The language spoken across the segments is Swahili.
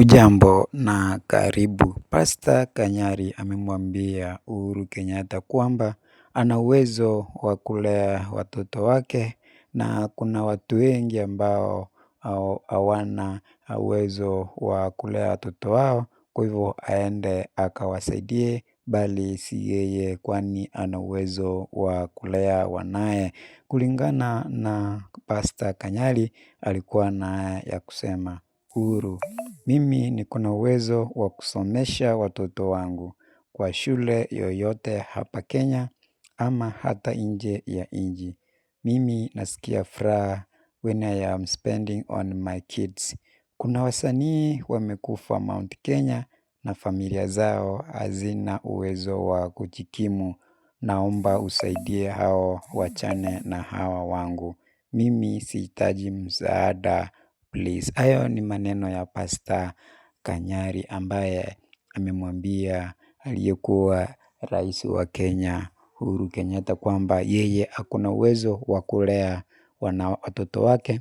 Ujambo na karibu. Pasta Kanyari amemwambia Uhuru Kenyatta kwamba ana uwezo wa kulea watoto wake na kuna watu wengi ambao hawana uwezo wa kulea watoto wao, kwa hivyo aende akawasaidie bali si yeye kwani ana uwezo wa kulea wanaye. Kulingana na Pasta Kanyari alikuwa na ya kusema huru. Mimi na uwezo wa kusomesha watoto wangu kwa shule yoyote hapa Kenya ama hata nje ya nchi. Mimi nasikia furaha when I am spending on my kids. Kuna wasanii wamekufa Mount Kenya na familia zao hazina uwezo wa kujikimu naomba usaidie hao wachane na hawa wangu. Mimi sihitaji msaada please Hayo ni maneno ya Pasta Kanyari ambaye amemwambia aliyekuwa rais wa Kenya Uhuru Kenyatta kwamba yeye akuna uwezo wa kulea watoto wake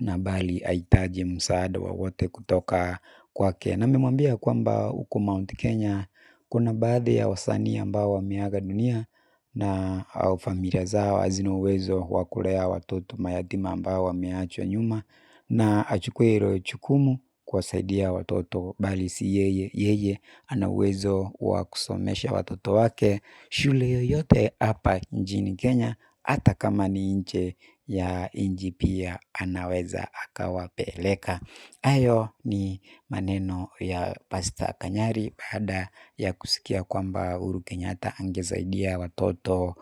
na bali ahitaji msaada wowote kutoka kwake. Na amemwambia kwamba huko Mount Kenya kuna baadhi ya wasanii ambao wameaga dunia na au familia zao hazina uwezo wa kulea watoto mayatima ambao wameachwa nyuma na achukue hilo jukumu kuwasaidia watoto bali si yeye. Yeye ana uwezo wa kusomesha watoto wake shule yoyote hapa nchini Kenya hata kama ni nje ya nchi pia anaweza akawapeleka. Hayo ni maneno ya Pasta Kanyari baada ya kusikia kwamba Uhuru Kenyatta angesaidia watoto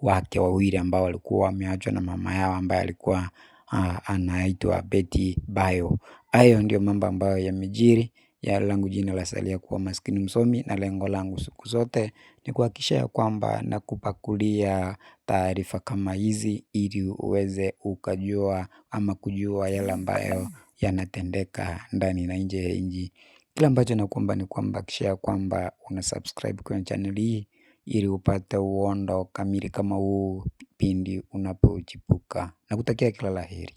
wake wawili ambao walikuwa wameachwa na mama yao ambaye alikuwa anaitwa Betty Bayo. Hayo ndio mambo ambayo yamejiri ya langu jina lasalia kuwa maskini msomi na lengo langu siku zote ni kuhakikisha ya kwamba nakupakulia taarifa kama hizi ili uweze ukajua ama kujua yale ambayo yanatendeka ndani na nje ya nchi. Kila ambacho nakuomba ni kwamba kisha ya kwamba subscribe kwenye channel hii ili upate uondo kamili kama huu pindi unapochipuka. kutakia kila la heri.